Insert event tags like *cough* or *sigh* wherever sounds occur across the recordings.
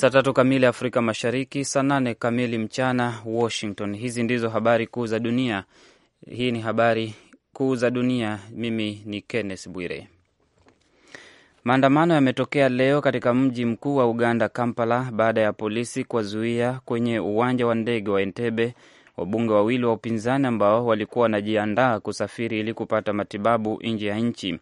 saa tatu kamili Afrika Mashariki, saa nane kamili mchana Washington. Hizi ndizo habari kuu za dunia. Hii ni habari kuu za dunia. Mimi ni Kenneth Bwire. Maandamano yametokea leo katika mji mkuu wa Uganda, Kampala, baada ya polisi kuwazuia kwenye uwanja wa ndege wa Entebbe wabunge wawili wa upinzani ambao walikuwa wanajiandaa kusafiri ili kupata matibabu nje ya nchi.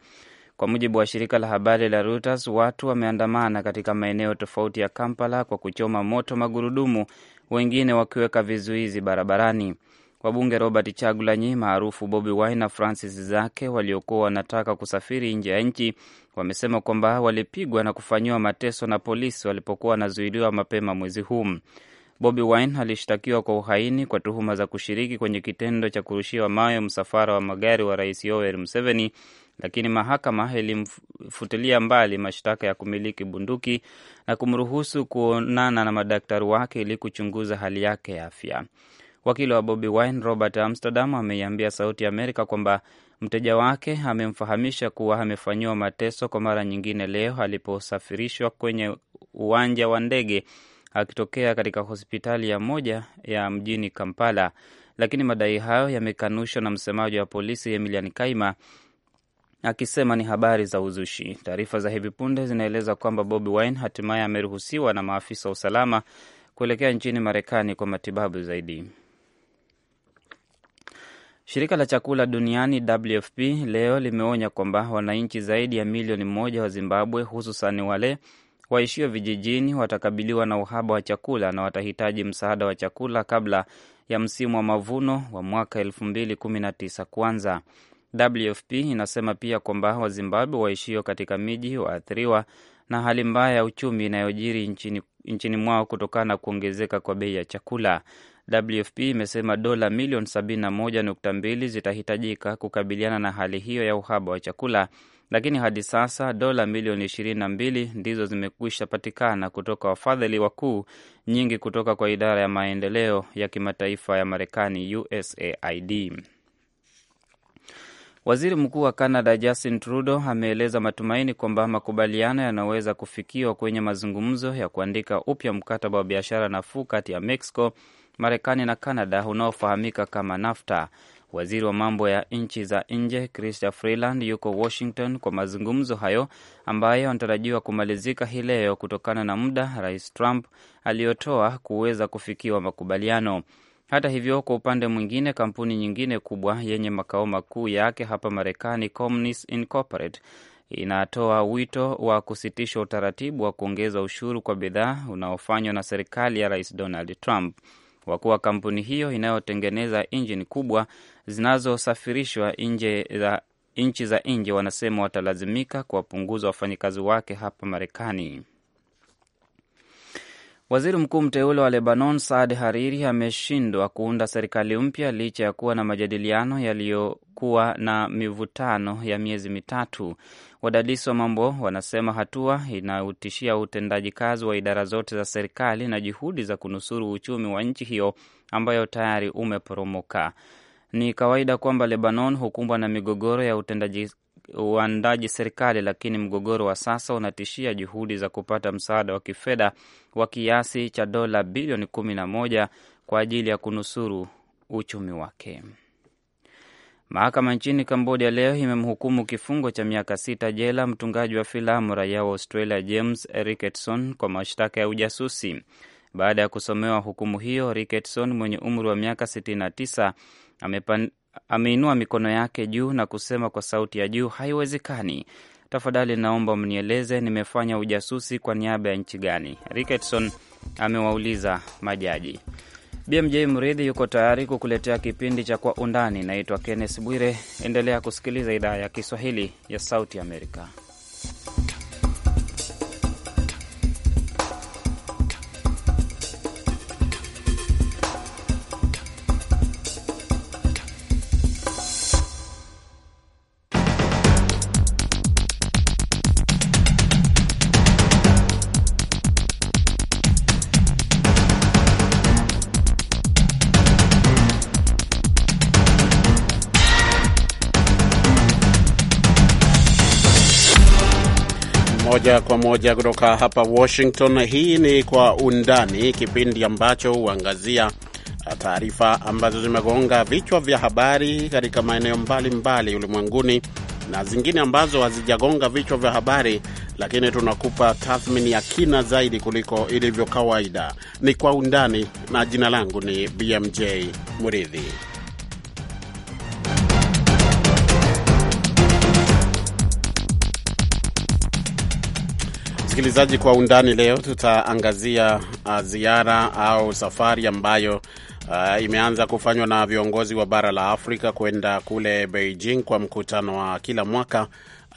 Kwa mujibu wa shirika la habari la Reuters, watu wameandamana katika maeneo tofauti ya Kampala kwa kuchoma moto magurudumu, wengine wakiweka vizuizi barabarani. Wabunge Robert Chagulanyi maarufu Bobi Wine na Francis Zake waliokuwa wanataka kusafiri nje ya nchi wamesema kwamba walipigwa na kufanyiwa mateso na polisi walipokuwa wanazuiliwa mapema mwezi huu. Bobi Wine alishtakiwa kwa uhaini kwa tuhuma za kushiriki kwenye kitendo cha kurushiwa mawe msafara wa magari wa rais Yoweri Museveni lakini mahakama ilimfutilia mbali mashtaka ya kumiliki bunduki na kumruhusu kuonana na madaktari wake ili kuchunguza hali yake ya afya. Wakili wa Bobi Wine Robert Amsterdam ameiambia Sauti ya Amerika kwamba mteja wake amemfahamisha kuwa amefanyiwa mateso kwa mara nyingine leo aliposafirishwa kwenye uwanja wa ndege akitokea katika hospitali ya moja ya mjini Kampala, lakini madai hayo yamekanushwa na msemaji wa polisi Emilian Kaima akisema ni habari za uzushi. Taarifa za hivi punde zinaeleza kwamba Bobi Wine hatimaye ameruhusiwa na maafisa wa usalama kuelekea nchini Marekani kwa matibabu zaidi. Shirika la chakula duniani WFP leo limeonya kwamba wananchi zaidi ya milioni moja wa Zimbabwe, hususan wale waishio vijijini, watakabiliwa na uhaba wa chakula na watahitaji msaada wa chakula kabla ya msimu wa mavuno wa mwaka 2019 kuanza. WFP inasema pia kwamba Wazimbabwe waishio katika miji waathiriwa na hali mbaya ya uchumi inayojiri nchini, nchini mwao kutokana na kuongezeka kwa bei ya chakula. WFP imesema dola milioni 71.2 zitahitajika kukabiliana na hali hiyo ya uhaba wa chakula, lakini hadi sasa dola milioni 22 ndizo zimekwisha patikana kutoka wafadhili wakuu, nyingi kutoka kwa idara ya maendeleo ya kimataifa ya Marekani, USAID. Waziri Mkuu wa Canada Justin Trudeau ameeleza matumaini kwamba makubaliano yanaweza kufikiwa kwenye mazungumzo ya kuandika upya mkataba wa biashara nafuu kati ya Mexico, Marekani na Canada unaofahamika kama NAFTA. Waziri wa mambo ya nchi za nje Chrystia Freeland yuko Washington kwa mazungumzo hayo ambayo anatarajiwa kumalizika hii leo kutokana na muda Rais Trump aliyotoa kuweza kufikiwa makubaliano. Hata hivyo, kwa upande mwingine, kampuni nyingine kubwa yenye makao makuu yake hapa Marekani, Incorporated inatoa wito wa kusitisha utaratibu wa kuongeza ushuru kwa bidhaa unaofanywa na serikali ya Rais Donald Trump, kwa kuwa kampuni hiyo inayotengeneza injini kubwa zinazosafirishwa nje za nchi za nje wanasema watalazimika kuwapunguza wafanyakazi wake hapa Marekani. Waziri mkuu mteule wa Lebanon Saad Hariri ameshindwa kuunda serikali mpya licha ya kuwa na majadiliano yaliyokuwa na mivutano ya miezi mitatu. Wadadisi wa mambo wanasema hatua inautishia utendaji kazi wa idara zote za serikali na juhudi za kunusuru uchumi wa nchi hiyo ambayo tayari umeporomoka. Ni kawaida kwamba Lebanon hukumbwa na migogoro ya utendaji uandaji serikali, lakini mgogoro wa sasa unatishia juhudi za kupata msaada wa kifedha wa kiasi cha dola bilioni kumi na moja kwa ajili ya kunusuru uchumi wake. Mahakama nchini Kambodia leo imemhukumu kifungo cha miaka sita jela mtungaji wa filamu raia wa Australia James Ricketson kwa mashtaka ya ujasusi. Baada ya kusomewa hukumu hiyo, Ricketson mwenye umri wa miaka 69 ameinua mikono yake juu na kusema kwa sauti ya juu, haiwezekani. Tafadhali naomba mnieleze nimefanya ujasusi kwa niaba ya nchi gani? Ricketson amewauliza majaji. BMJ Mridhi yuko tayari kukuletea kipindi cha Kwa Undani. Naitwa Kenneth Bwire, endelea kusikiliza idhaa ya Kiswahili ya Sauti Amerika. moja kwa moja kutoka hapa Washington. Hii ni Kwa Undani, kipindi ambacho huangazia taarifa ambazo zimegonga vichwa vya habari katika maeneo mbalimbali ulimwenguni na zingine ambazo hazijagonga vichwa vya habari, lakini tunakupa tathmini ya kina zaidi kuliko ilivyo kawaida. Ni Kwa Undani na jina langu ni BMJ Muridhi. msikilizaji, kwa undani leo tutaangazia uh, ziara au safari ambayo Uh, imeanza kufanywa na viongozi wa bara la Afrika kwenda kule Beijing kwa mkutano wa kila mwaka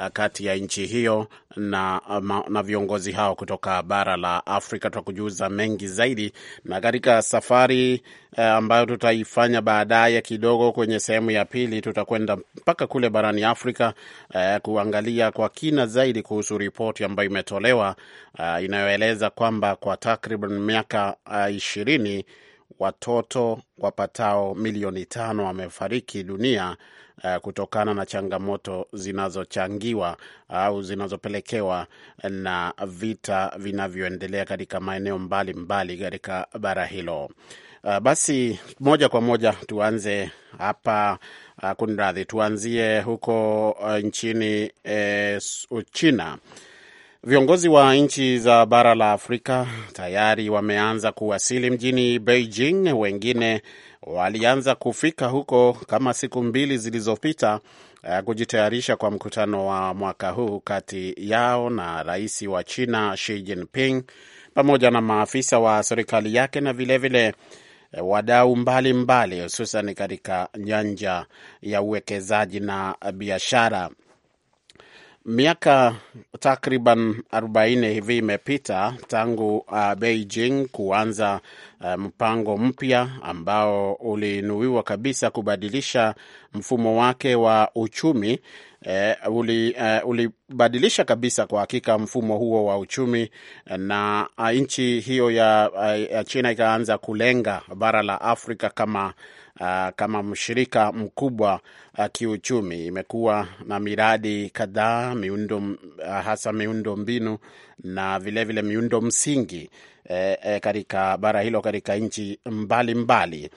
Eh, kati ya nchi hiyo na, eh, na viongozi hao kutoka bara la Afrika. Tutakujuza mengi zaidi, na katika safari eh, ambayo tutaifanya baadaye kidogo kwenye sehemu ya pili, tutakwenda mpaka kule barani Afrika eh, kuangalia kwa kina zaidi kuhusu ripoti ambayo imetolewa eh, inayoeleza kwamba kwa takriban miaka ishirini watoto wapatao milioni tano wamefariki dunia uh, kutokana na changamoto zinazochangiwa au zinazopelekewa na vita vinavyoendelea katika maeneo mbalimbali katika bara hilo. Uh, basi moja kwa moja tuanze hapa uh, kunradhi, tuanzie huko uh, nchini eh, Uchina. Viongozi wa nchi za bara la Afrika tayari wameanza kuwasili mjini Beijing, wengine walianza kufika huko kama siku mbili zilizopita eh, kujitayarisha kwa mkutano wa mwaka huu kati yao na rais wa China Xi Jinping pamoja na maafisa wa serikali yake na vilevile eh, wadau mbalimbali hususan katika nyanja ya uwekezaji na biashara. Miaka takriban 40 hivi imepita tangu uh, Beijing kuanza uh, mpango mpya ambao ulinuiwa kabisa kubadilisha mfumo wake wa uchumi. uh, uli, uh, ulibadilisha kabisa kwa hakika mfumo huo wa uchumi na uh, nchi hiyo ya, uh, ya China ikaanza kulenga bara la Afrika kama uh, kama mshirika mkubwa uh, kiuchumi. Imekuwa na miradi kadhaa miundo, ah, hasa miundo mbinu na vilevile vile miundo msingi eh, eh, katika bara hilo katika nchi mbalimbali.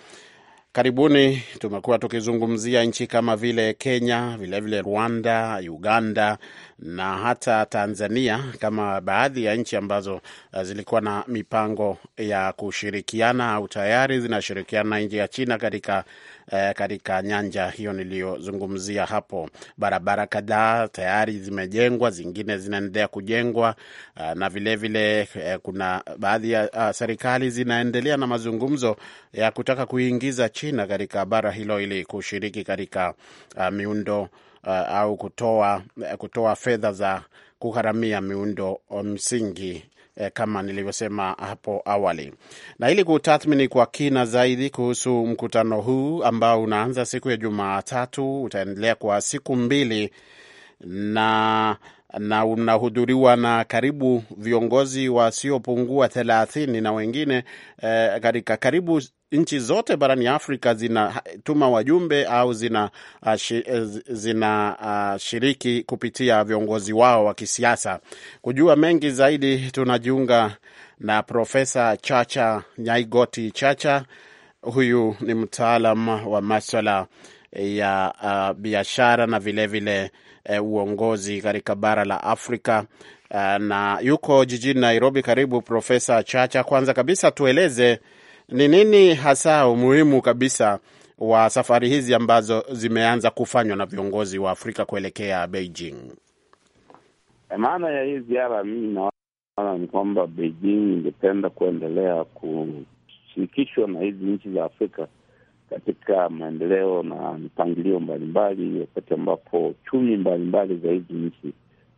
Karibuni tumekuwa tukizungumzia nchi kama vile Kenya, vilevile vile Rwanda, Uganda na hata Tanzania kama baadhi ya nchi ambazo eh, zilikuwa na mipango ya kushirikiana au tayari zinashirikiana na nchi ya China katika eh, katika nyanja hiyo niliyozungumzia hapo. Barabara kadhaa tayari zimejengwa, zingine zinaendelea kujengwa, uh, na vilevile vile, eh, kuna baadhi ya uh, serikali zinaendelea na mazungumzo ya kutaka kuingiza China katika bara hilo ili kushiriki katika uh, miundo uh, au kutoa, uh, kutoa fedha za kugharamia miundo msingi eh, kama nilivyosema hapo awali. Na ili kutathmini kwa kina zaidi kuhusu mkutano huu ambao unaanza siku ya Jumatatu, utaendelea kwa siku mbili na na unahudhuriwa na karibu viongozi wasiopungua thelathini na wengine eh, katika karibu nchi zote barani Afrika zinatuma wajumbe au zinashiriki zina uh, eh, uh kupitia viongozi wao wa kisiasa. Kujua mengi zaidi, tunajiunga na Profesa Chacha Nyaigoti Chacha. Huyu ni mtaalam wa maswala ya uh, biashara na vilevile vile, uh, uongozi katika bara la Afrika uh, na yuko jijini Nairobi. Karibu Profesa Chacha. Kwanza kabisa tueleze ni nini hasa umuhimu kabisa wa safari hizi ambazo zimeanza kufanywa na viongozi wa Afrika kuelekea Beijing? Eh, maana ya hii ziara, mimi naona ni kwamba Beijing ingependa kuendelea kushirikishwa na hizi nchi za Afrika katika maendeleo na mipangilio mbalimbali, wakati ambapo chumi mbalimbali za hizi nchi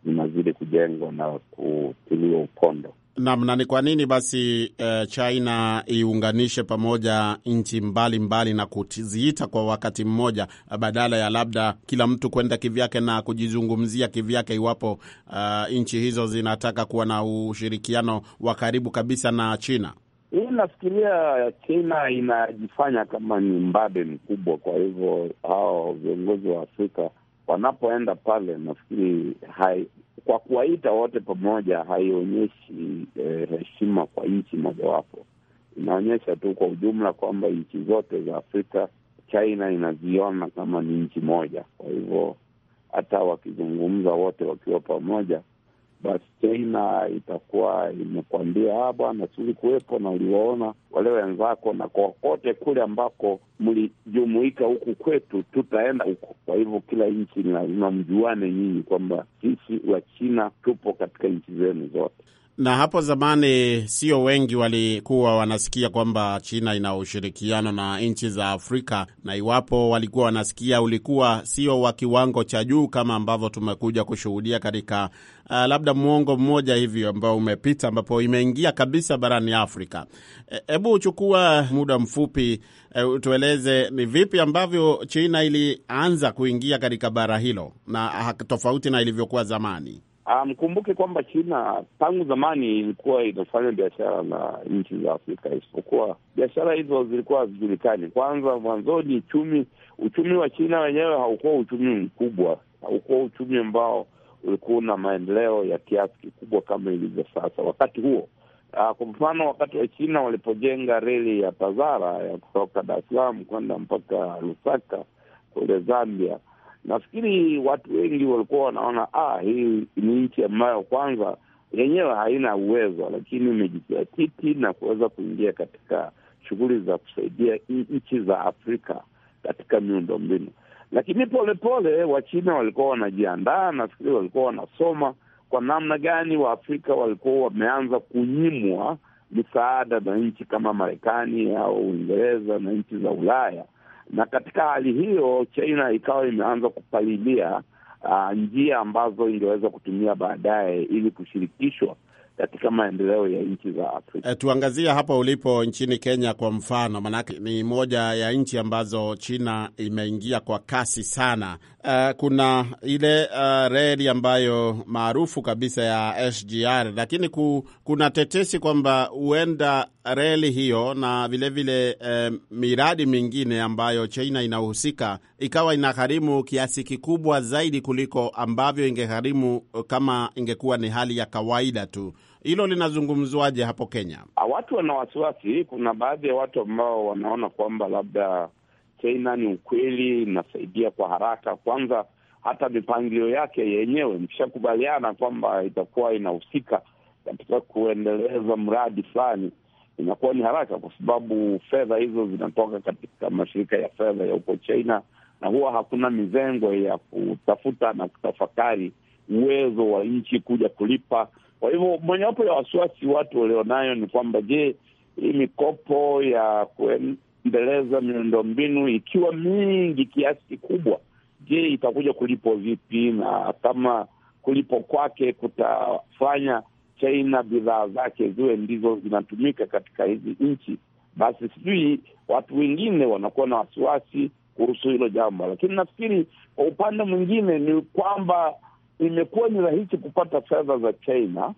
zinazidi kujengwa na kutiliwa upondo namna na ni kwa nini basi e, China iunganishe pamoja nchi mbalimbali na kuziita kwa wakati mmoja eh, badala ya labda kila mtu kwenda kivyake na kujizungumzia kivyake, iwapo uh, nchi hizo zinataka kuwa na ushirikiano wa karibu kabisa na China? Hii nafikiria China inajifanya kama ni mbabe mkubwa, kwa hivyo hao viongozi wa Afrika wanapoenda pale, nafikiri hai, kwa kuwaita wote pamoja haionyeshi eh, heshima kwa nchi mojawapo. Inaonyesha tu kwa ujumla kwamba nchi zote za Afrika China inaziona kama ni nchi moja. Kwa hivyo hata wakizungumza wote wakiwa pamoja basi China itakuwa imekwambia ah, bwana, si kuwepo na uliwaona wale wenzako, na kokote kule ambako mlijumuika huku kwetu, tutaenda huko. Kwa hivyo kila nchi ni lazima mjuane nyinyi kwamba sisi wa China tupo katika nchi zenu zote. Na hapo zamani sio wengi walikuwa wanasikia kwamba China ina ushirikiano na nchi za Afrika, na iwapo walikuwa wanasikia, ulikuwa sio wa kiwango cha juu kama ambavyo tumekuja kushuhudia katika uh, labda mwongo mmoja hivi ambao umepita, ambapo imeingia kabisa barani Afrika. Hebu e, uchukua muda mfupi e, tueleze ni vipi ambavyo China ilianza kuingia katika bara hilo na tofauti na ilivyokuwa zamani. Ah, mkumbuke um, kwamba China tangu zamani ilikuwa inafanya biashara na nchi za Afrika, isipokuwa biashara hizo zilikuwa hazijulikani. Kwanza mwanzoni, uchumi uchumi wa China wenyewe haukuwa uchumi mkubwa, haukuwa uchumi ambao ulikuwa na maendeleo ya kiasi kikubwa kama ilivyo sasa wakati huo. Uh, kwa mfano wakati wa China walipojenga reli ya TAZARA ya kutoka Dar es Salaam kwenda mpaka Lusaka kule Zambia Nafikiri watu wengi walikuwa wanaona ah, hii ni nchi ambayo kwanza yenyewe haina uwezo, lakini imejizatiti na kuweza kuingia katika shughuli za kusaidia nchi za Afrika katika miundo mbinu. Lakini polepole Wachina walikuwa wanajiandaa, nafikiri walikuwa wanasoma kwa namna gani Waafrika walikuwa wameanza kunyimwa misaada na nchi kama Marekani au Uingereza na nchi za Ulaya na katika hali hiyo China ikawa imeanza kupalilia uh, njia ambazo ingeweza kutumia baadaye ili kushirikishwa katika maendeleo ya nchi za Afrika. E, tuangazie hapa ulipo nchini Kenya kwa mfano, maanake ni moja ya nchi ambazo China imeingia kwa kasi sana. E, kuna ile uh, reli ambayo maarufu kabisa ya SGR, lakini ku, kuna tetesi kwamba huenda reli hiyo na vilevile vile, eh, miradi mingine ambayo China inahusika ikawa inagharimu kiasi kikubwa zaidi kuliko ambavyo ingegharimu eh, kama ingekuwa ni hali ya kawaida tu. Hilo linazungumzwaje hapo Kenya? Ah, watu wana wasiwasi. Kuna baadhi ya watu ambao wanaona kwamba labda China ni ukweli inasaidia kwa haraka. Kwanza hata mipangilio yake yenyewe, mkishakubaliana kwamba itakuwa inahusika katika kuendeleza mradi fulani inakuwa ni haraka, kwa sababu fedha hizo zinatoka katika mashirika ya fedha ya huko China, na huwa hakuna mizengo ya kutafuta na kutafakari uwezo wa nchi kuja kulipa. Kwa hivyo mojawapo ya wasiwasi watu walionayo ni kwamba, je, hii mikopo ya kuendeleza miundombinu ikiwa mingi kiasi kikubwa, je, itakuja kulipwa vipi? Na kama kulipo kwake kutafanya China bidhaa zake ziwe ndizo zinatumika katika hizi nchi, basi sijui watu wengine wanakuwa na wasiwasi kuhusu hilo jambo. Lakini nafikiri kwa upande mwingine ni kwamba imekuwa ni rahisi kupata fedha za China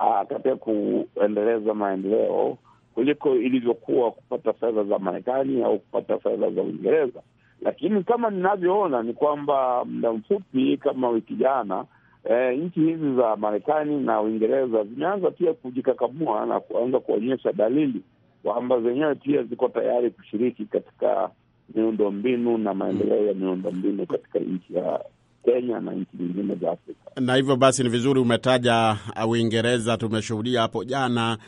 aa, ah, katika kuendeleza maendeleo kuliko ilivyokuwa kupata fedha za Marekani au kupata fedha za Uingereza. Lakini kama ninavyoona ni kwamba muda mfupi kama wiki jana eh, nchi hizi za Marekani na Uingereza zimeanza pia kujikakamua na kuanza kuonyesha dalili kwamba zenyewe pia ziko tayari kushiriki katika miundo mbinu na maendeleo ya miundo mbinu katika nchi ya Kenya na nchi nyingine za Afrika. Na hivyo basi ni vizuri umetaja Uingereza. Tumeshuhudia hapo jana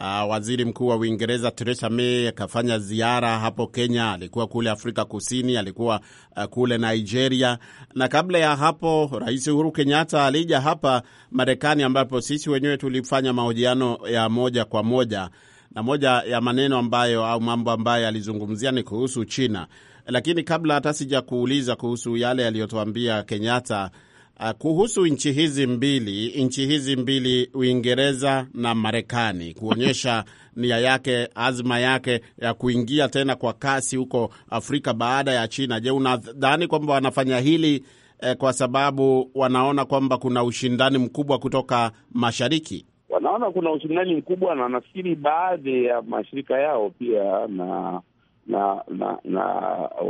Uh, waziri mkuu wa Uingereza Theresa May akafanya ziara hapo Kenya, alikuwa kule Afrika Kusini, alikuwa uh, kule Nigeria, na kabla ya hapo Rais Uhuru Kenyatta alija hapa Marekani, ambapo sisi wenyewe tulifanya mahojiano ya moja kwa moja, na moja ya maneno ambayo au mambo ambayo alizungumzia ni kuhusu China. Lakini kabla hata sija kuuliza kuhusu yale aliyotuambia Kenyatta Ah, kuhusu nchi hizi mbili, nchi hizi mbili Uingereza na Marekani kuonyesha *laughs* nia yake, azma yake ya kuingia tena kwa kasi huko Afrika baada ya China. Je, unadhani kwamba wanafanya hili eh, kwa sababu wanaona kwamba kuna ushindani mkubwa kutoka mashariki? Wanaona kuna ushindani mkubwa, na nafikiri baadhi ya mashirika yao pia na na na, na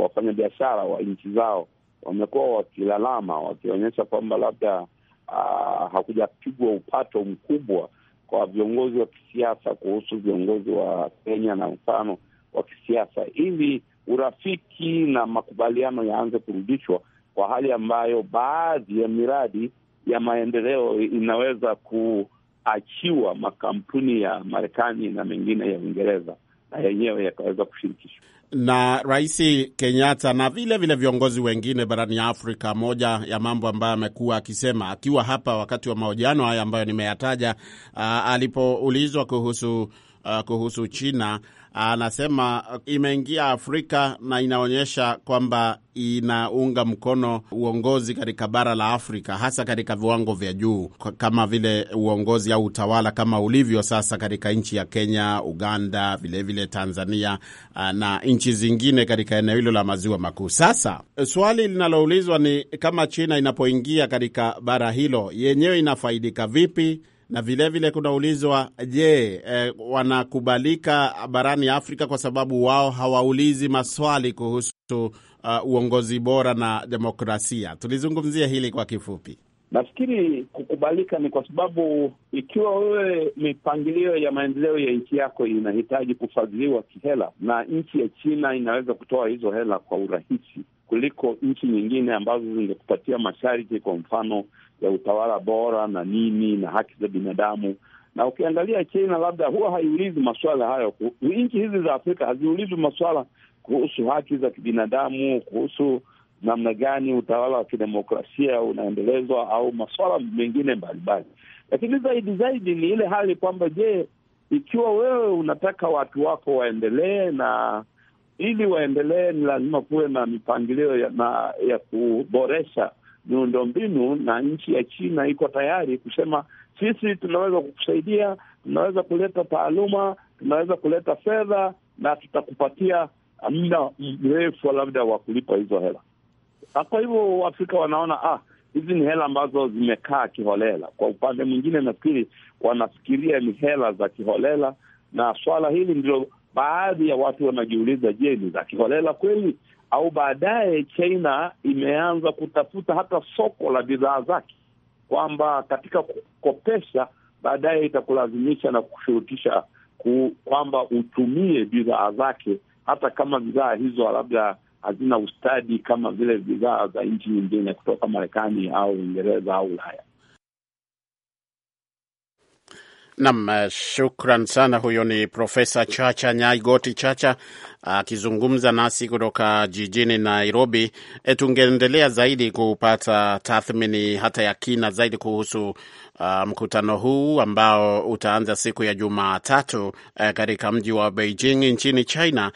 wafanyabiashara wa nchi zao wamekuwa wakilalama wakionyesha kwamba labda uh, hakujapigwa upato mkubwa kwa viongozi wa kisiasa kuhusu viongozi wa Kenya na mfano wa kisiasa, ili urafiki na makubaliano yaanze kurudishwa, kwa hali ambayo baadhi ya miradi ya maendeleo inaweza kuachiwa makampuni ya Marekani na mengine ya Uingereza na yenyewe yakaweza kushirikishwa na Rais Kenyatta na vile vile viongozi wengine barani ya Afrika. Moja ya mambo ambayo amekuwa akisema akiwa hapa wakati wa mahojiano haya ambayo nimeyataja, uh, alipoulizwa kuhusu uh, kuhusu China uh, anasema uh, imeingia Afrika na inaonyesha kwamba inaunga mkono uongozi katika bara la Afrika, hasa katika viwango vya juu kama vile uongozi au utawala kama ulivyo sasa katika nchi ya Kenya, Uganda, vilevile vile Tanzania uh, na nchi zingine katika eneo hilo la maziwa makuu. Sasa uh, swali linaloulizwa ni kama China inapoingia katika bara hilo yenyewe inafaidika vipi? na vilevile kunaulizwa je, eh, wanakubalika barani Afrika kwa sababu wao hawaulizi maswali kuhusu uh, uongozi bora na demokrasia. Tulizungumzia hili kwa kifupi. Nafikiri kukubalika ni kwa sababu ikiwa wewe mipangilio ya maendeleo ya nchi yako inahitaji kufadhiliwa kihela, na nchi ya China inaweza kutoa hizo hela kwa urahisi kuliko nchi nyingine ambazo zingekupatia masharti, kwa mfano ya utawala bora na nini na haki za binadamu. Na ukiangalia China, labda huwa haiulizi maswala hayo. Nchi hizi za Afrika haziulizi maswala kuhusu haki za kibinadamu, kuhusu namna gani utawala wa kidemokrasia unaendelezwa au maswala mengine mbalimbali. Lakini zaidi zaidi ni ile hali kwamba, je, ikiwa wewe unataka watu wako waendelee, na ili waendelee ni lazima kuwe na mipangilio ya, na, ya kuboresha miundombinu, na nchi ya China iko tayari kusema sisi tunaweza kukusaidia, tunaweza kuleta taaluma, tunaweza kuleta fedha na tutakupatia muda mrefu labda wa kulipa hizo hela. Na kwa hivyo Waafrika wanaona ah, hizi ni hela ambazo zimekaa kiholela. Kwa upande mwingine, nafikiri wanafikiria ni hela za kiholela, na swala hili ndilo baadhi ya watu wanajiuliza, je, ni za kiholela kweli au baadaye China imeanza kutafuta hata soko la bidhaa zake, kwamba katika kukopesha baadaye itakulazimisha na kushurutisha kwamba utumie bidhaa zake, hata kama bidhaa hizo labda hazina ustadi kama vile bidhaa za nchi nyingine kutoka Marekani au Uingereza au Ulaya. Nam, eh, shukran sana. Huyo ni Profesa Chacha Nyaigoti Chacha akizungumza nasi kutoka jijini Nairobi. E, tungeendelea zaidi kupata tathmini hata ya kina zaidi kuhusu uh, mkutano huu ambao utaanza siku ya Jumatatu uh, katika mji wa Beijing nchini China.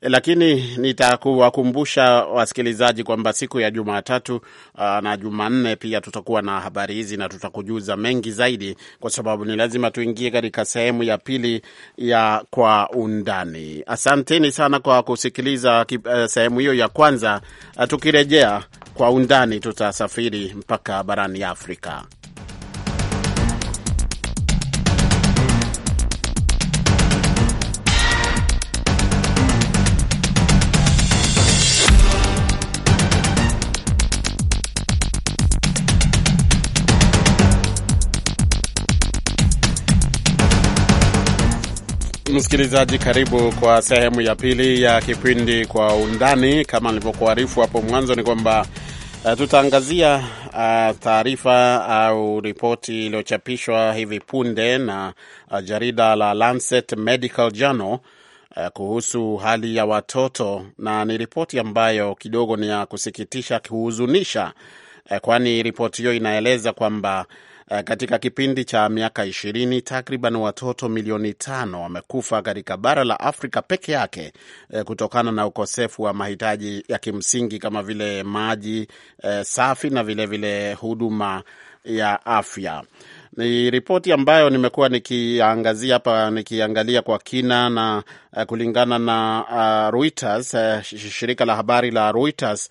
Lakini nitakuwakumbusha wasikilizaji kwamba siku ya Jumatatu uh, na Jumanne pia tutakuwa na habari hizi na tutakujuza mengi zaidi, kwa sababu ni lazima tuingie katika sehemu ya pili ya kwa undani. Asanteni sana kwa kusikiliza uh, sehemu hiyo ya kwanza. Uh, tukirejea kwa undani tutasafiri mpaka barani Afrika. Msikilizaji, karibu kwa sehemu ya pili ya kipindi Kwa Undani. Kama nilivyokuarifu hapo mwanzo, ni kwamba uh, tutaangazia uh, taarifa au ripoti iliyochapishwa hivi punde na uh, jarida la Lancet Medical Journal uh, kuhusu hali ya watoto, na ni ripoti ambayo kidogo ni ya kusikitisha, kuhuzunisha, uh, kwani ripoti hiyo inaeleza kwamba Eh, katika kipindi cha miaka ishirini takriban watoto milioni tano wamekufa katika bara la Afrika peke yake eh, kutokana na ukosefu wa mahitaji ya kimsingi kama vile maji eh, safi na vilevile vile huduma ya afya. Ni ripoti ambayo nimekuwa nikiangazia hapa nikiangalia kwa kina na kulingana na uh, Reuters, uh, shirika la habari la Reuters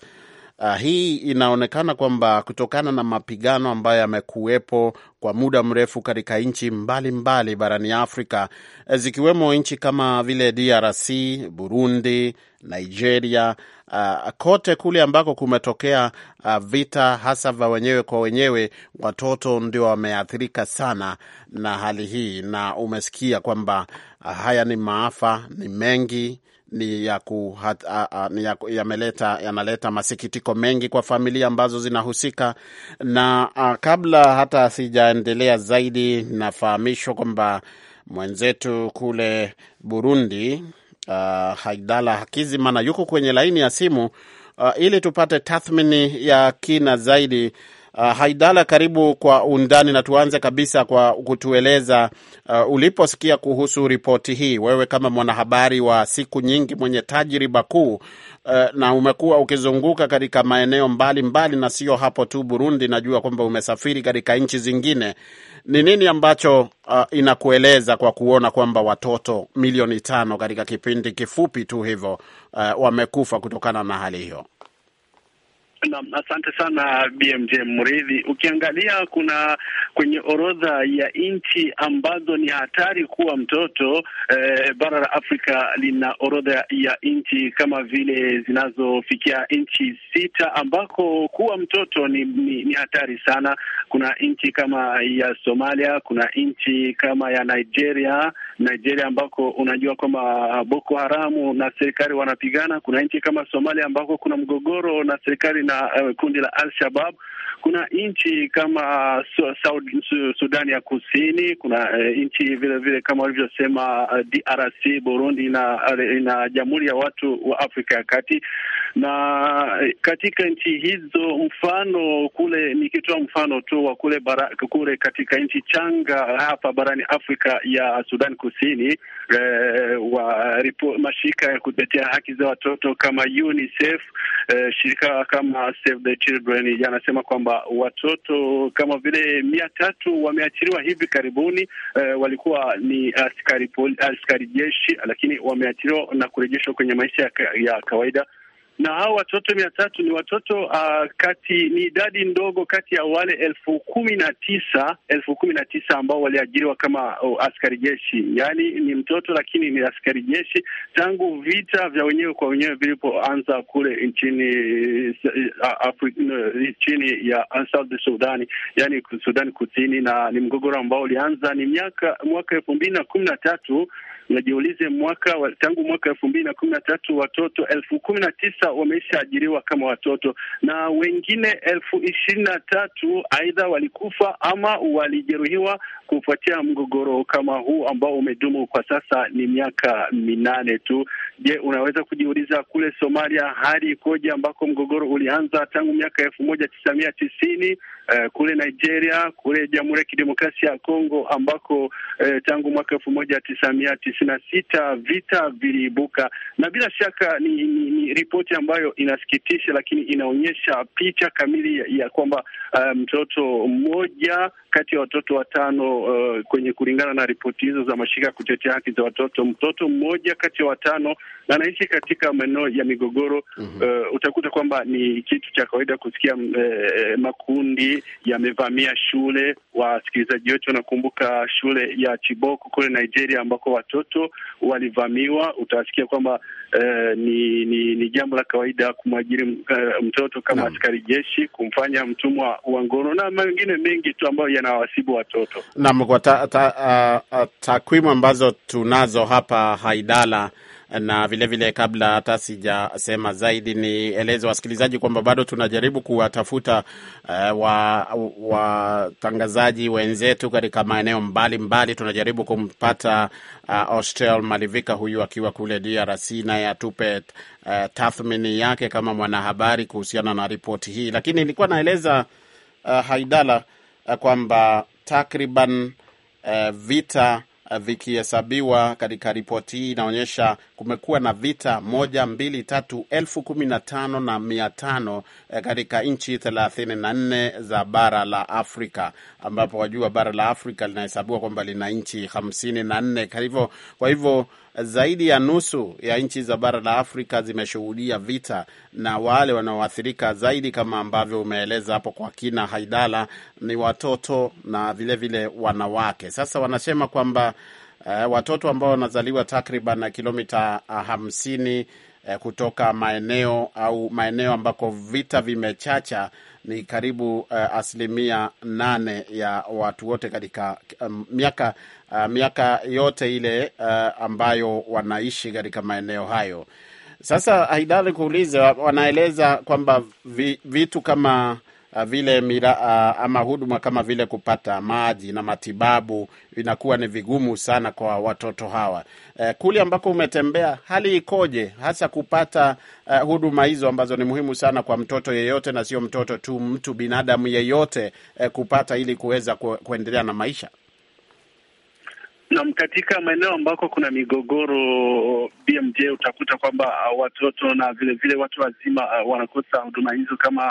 Uh, hii inaonekana kwamba kutokana na mapigano ambayo yamekuwepo kwa muda mrefu katika nchi mbalimbali barani Afrika eh, zikiwemo nchi kama vile DRC, Burundi, Nigeria, uh, kote kule ambako kumetokea uh, vita hasa vya wenyewe kwa wenyewe, watoto ndio wameathirika sana na hali hii, na umesikia kwamba uh, haya ni maafa ni mengi ni ya kuhat, a, ni ya, yameleta yanaleta masikitiko mengi kwa familia ambazo zinahusika na a, kabla hata sijaendelea zaidi, nafahamishwa kwamba mwenzetu kule Burundi a, Haidala Hakizimana yuko kwenye laini ya simu a, ili tupate tathmini ya kina zaidi Uh, Haidala, karibu kwa undani, na tuanze kabisa kwa kutueleza uh, uliposikia kuhusu ripoti hii, wewe kama mwanahabari wa siku nyingi mwenye tajriba kuu uh, na umekuwa ukizunguka katika maeneo mbalimbali mbali, na sio hapo tu Burundi, najua kwamba umesafiri katika nchi zingine. Ni nini ambacho uh, inakueleza kwa kuona kwamba watoto milioni tano katika kipindi kifupi tu hivyo uh, wamekufa kutokana na hali hiyo? Naam, asante sana BMJ Mridhi. Ukiangalia kuna kwenye orodha ya nchi ambazo ni hatari kuwa mtoto eh, bara la Afrika lina orodha ya nchi kama vile zinazofikia nchi sita ambako kuwa mtoto ni, ni, ni hatari sana. Kuna nchi kama ya Somalia, kuna nchi kama ya Nigeria, Nigeria ambako unajua kwamba Boko Haramu na serikali wanapigana. Kuna nchi kama Somalia ambako kuna mgogoro na serikali na uh, kundi la Al-Shabab. Kuna nchi kama uh, Saudi, Sudani ya Kusini, kuna uh, eh, nchi vile vile kama walivyosema uh, DRC, Burundi na, eh, na Jamhuri ya Watu wa Afrika ya Kati na katika nchi hizo mfano kule, nikitoa mfano tu wa kule bara, kule katika nchi changa hapa barani Afrika ya Sudan Kusini e, wa ripo, mashirika ya kutetea haki za watoto kama UNICEF e, shirika kama Save the Children yanasema kwamba watoto kama vile mia tatu wameachiriwa hivi karibuni. E, walikuwa ni askari, askari jeshi, lakini wameachiriwa na kurejeshwa kwenye maisha ya, ya kawaida na hao watoto mia tatu ni watoto uh, kati ni idadi ndogo kati ya wale elfu kumi na tisa elfu kumi na tisa ambao waliajiriwa kama uh, askari jeshi, yaani ni mtoto lakini ni askari jeshi tangu vita vya wenyewe kwa wenyewe vilipoanza kule nchini uh, uh, chini ya South Sudani, yani Sudani Kusini, na ni mgogoro ambao ulianza ni miaka mwaka elfu mbili na kumi na tatu unajiulize mwaka wa, tangu mwaka elfu mbili na kumi na tatu watoto elfu kumi na tisa ajiriwa kama watoto na wengine elfu ishirini na tatu aidha walikufa ama walijeruhiwa kufuatia mgogoro kama huu ambao umedumu kwa sasa ni miaka minane tu. Je, unaweza kujiuliza kule Somalia hali ikoje, ambako mgogoro ulianza tangu miaka elfu moja tisa mia tisini eh, kule Nigeria, kule Jamhuri ya Kidemokrasia ya Kongo ambako eh, tangu mwaka elfu moja tisa mia tisini na sita vita viliibuka, na bila shaka ni, ni, ni ripoti ambayo inasikitisha, lakini inaonyesha picha kamili ya, ya kwamba eh, mtoto um, mmoja kati ya watoto watano uh, kwenye kulingana na ripoti hizo za mashirika ya kutetea haki za watoto, mtoto mmoja kati ya watano anaishi katika maeneo ya migogoro. mm -hmm. Uh, utakuta kwamba ni kitu cha kawaida kusikia uh, makundi yamevamia shule. Wasikilizaji wetu wanakumbuka shule ya Chiboko kule Nigeria, ambako watoto walivamiwa. Utasikia kwamba eh, ni, ni, ni jambo la kawaida kumwajiri eh, mtoto kama askari jeshi, kumfanya mtumwa wa ngono na mengine mengi tu ambayo yanawasibu watoto. Naam, kwa takwimu ta, ta, uh, ambazo tunazo hapa Haidala na vilevile vile, kabla hata sijasema zaidi, nieleze wasikilizaji kwamba bado tunajaribu kuwatafuta uh, watangazaji wa wenzetu katika maeneo mbalimbali mbali. Tunajaribu kumpata uh, eh, Ostel Malivika huyu akiwa kule DRC, naye atupe uh, tathmini yake kama mwanahabari kuhusiana na ripoti hii, lakini nilikuwa naeleza uh, Haidala uh, kwamba takriban uh, vita vikihesabiwa katika ripoti hii inaonyesha kumekuwa na vita moja mbili tatu elfu kumi na tano na mia tano eh, katika nchi thelathini na nne za bara la Afrika, ambapo wajua bara la Afrika linahesabiwa kwamba lina nchi hamsini na nne. Kwa hivyo zaidi ya nusu ya nchi za bara la Afrika zimeshuhudia vita, na wale wanaoathirika zaidi kama ambavyo umeeleza hapo kwa kina Haidala ni watoto na vilevile vile wanawake. Sasa wanasema kwamba uh, watoto ambao wanazaliwa takriban kilomita ah, hamsini eh, kutoka maeneo au maeneo ambako vita vimechacha ni karibu uh, asilimia nane ya watu wote katika um, miaka uh, miaka yote ile uh, ambayo wanaishi katika maeneo hayo. Sasa haidari kuuliza, wanaeleza kwamba vitu kama Ah, vile mira, ah, ama huduma kama vile kupata maji na matibabu inakuwa ni vigumu sana kwa watoto hawa. Eh, kule ambako umetembea, hali ikoje, hasa kupata eh, huduma hizo ambazo ni muhimu sana kwa mtoto yeyote, na sio mtoto tu, mtu binadamu yeyote eh, kupata ili kuweza kuendelea na maisha? Naam, katika maeneo ambako kuna migogoro BMJ, utakuta kwamba uh, watoto na vilevile vile watu wazima uh, wanakosa huduma hizo kama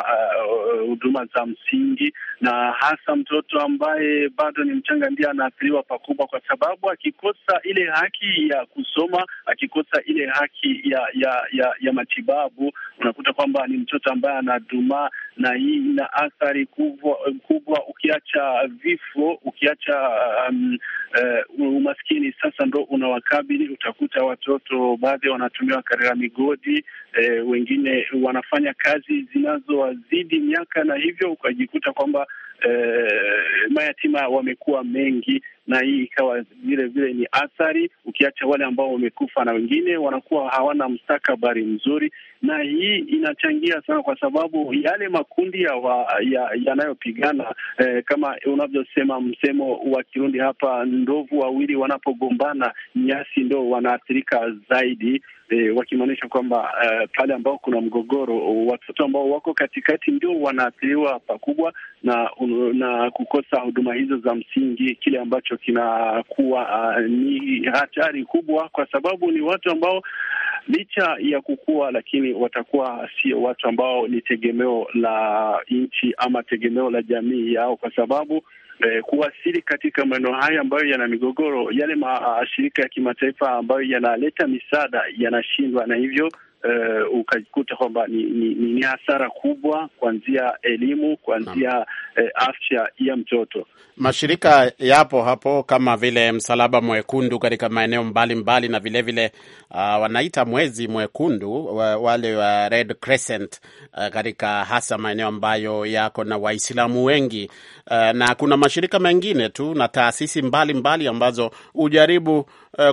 uh, uh, huduma uh, za msingi, na hasa mtoto ambaye bado ni mchanga ndiye anaathiriwa pakubwa, kwa sababu akikosa ile haki ya kusoma, akikosa ile haki ya ya ya, ya matibabu, unakuta kwamba ni mtoto ambaye anadumaa, na hii ina athari kubwa kubwa, ukiacha vifo, ukiacha um, uh, umaskini sasa ndo unawakabili. Utakuta watoto baadhi wanatumiwa katika migodi e, wengine wanafanya kazi zinazowazidi miaka, na hivyo ukajikuta kwamba e, mayatima wamekuwa mengi na hii ikawa vile vile ni athari, ukiacha wale ambao wamekufa na wengine wanakuwa hawana mstakabari mzuri, na hii inachangia sana, kwa sababu yale makundi yanayopigana ya, ya eh, kama unavyosema msemo wa Kirundi hapa, ndovu wawili wanapogombana nyasi ndo wanaathirika zaidi. E, wakimaanisha kwamba uh, pale ambao kuna mgogoro watoto ambao wako katikati ndio wanaathiriwa pakubwa na, na kukosa huduma hizo za msingi, kile ambacho kinakuwa uh, ni hatari kubwa, kwa sababu ni watu ambao licha ya kukua, lakini watakuwa sio watu ambao ni tegemeo la nchi ama tegemeo la jamii yao, kwa sababu Eh, kuwasili katika maeneo haya ambayo yana migogoro, yale mashirika ya kimataifa ambayo yanaleta misaada yanashindwa, na hivyo uh, ukajikuta kwamba ni, ni, ni hasara kubwa, kuanzia elimu, kuanzia eh, afya ya mtoto. Mashirika yapo hapo kama vile Msalaba Mwekundu katika maeneo mbalimbali, na vilevile vile, uh, wanaita mwezi mwekundu wale wa Red Crescent uh, katika hasa maeneo ambayo yako na Waislamu wengi uh, na kuna mashirika mengine tu na taasisi mbalimbali mbali ambazo hujaribu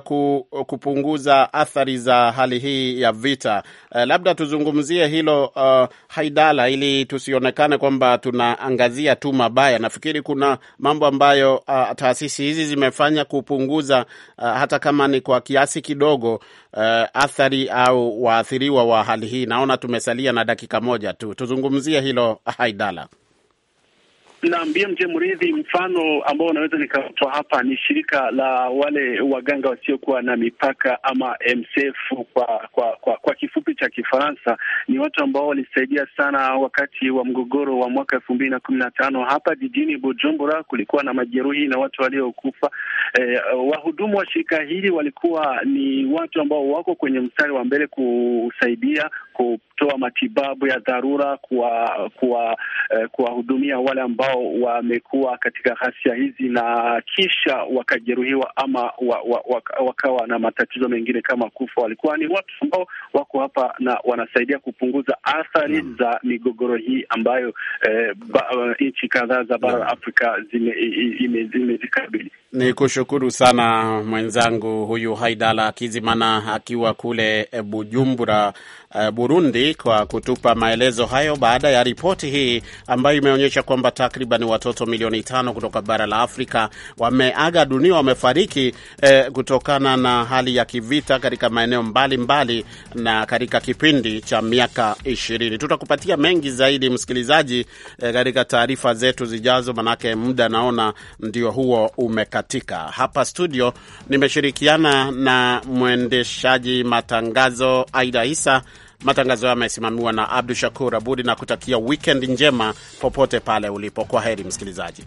uh, kupunguza athari za hali hii ya vita uh, labda tuzungumzie hilo uh, Haidala, ili tusionekane kwamba tunaangazia tu mabaya. Nafikiri kuna mambo ambayo uh, taasisi hizi zimefanya kupunguza uh, hata kama ni kwa kiasi kidogo uh, athari au waathiriwa wa hali hii. Naona tumesalia na dakika moja tu, tuzungumzie hilo Haidala na BMJ Mridhi, mfano ambao unaweza nikatoa hapa ni shirika la wale waganga wasiokuwa na mipaka ama MSF kwa kwa, kwa, kwa kifupi cha Kifaransa. Ni watu ambao walisaidia sana wakati wa mgogoro wa mwaka elfu mbili na kumi na tano hapa jijini Bujumbura. Kulikuwa na majeruhi na watu waliokufa. Eh, wahudumu wa shirika hili walikuwa ni watu ambao wako kwenye mstari wa mbele kusaidia kutoa matibabu ya dharura, kuwahudumia kuwa, eh, kuwa wale ambao wamekuwa katika ghasia hizi na kisha wakajeruhiwa ama wa, wa, wa, wakawa na matatizo mengine kama kufa. Walikuwa ni watu ambao wako hapa na wanasaidia kupunguza athari mm, za migogoro hii ambayo eh, eh nchi kadhaa za bara la Afrika zimezikabili. Ni kushukuru sana mwenzangu huyu Haidala Kizimana akiwa kule Bujumbura, uh, Burundi kwa kutupa maelezo hayo baada ya ripoti hii ambayo imeonyesha kwamba takriban watoto milioni tano kutoka bara la Afrika wameaga dunia, wamefariki eh, kutokana na hali ya kivita katika maeneo mbalimbali mbali na katika kipindi cha miaka ishirini. Tutakupatia mengi zaidi msikilizaji, eh, katika taarifa zetu zijazo, manake muda naona ndio huo umekatika. Hapa studio nimeshirikiana na mwendeshaji matangazo Aida Isa Matangazo hayo yamesimamiwa na Abdu Shakur Abudi na kutakia wkend njema popote pale ulipo. Kwa heri msikilizaji.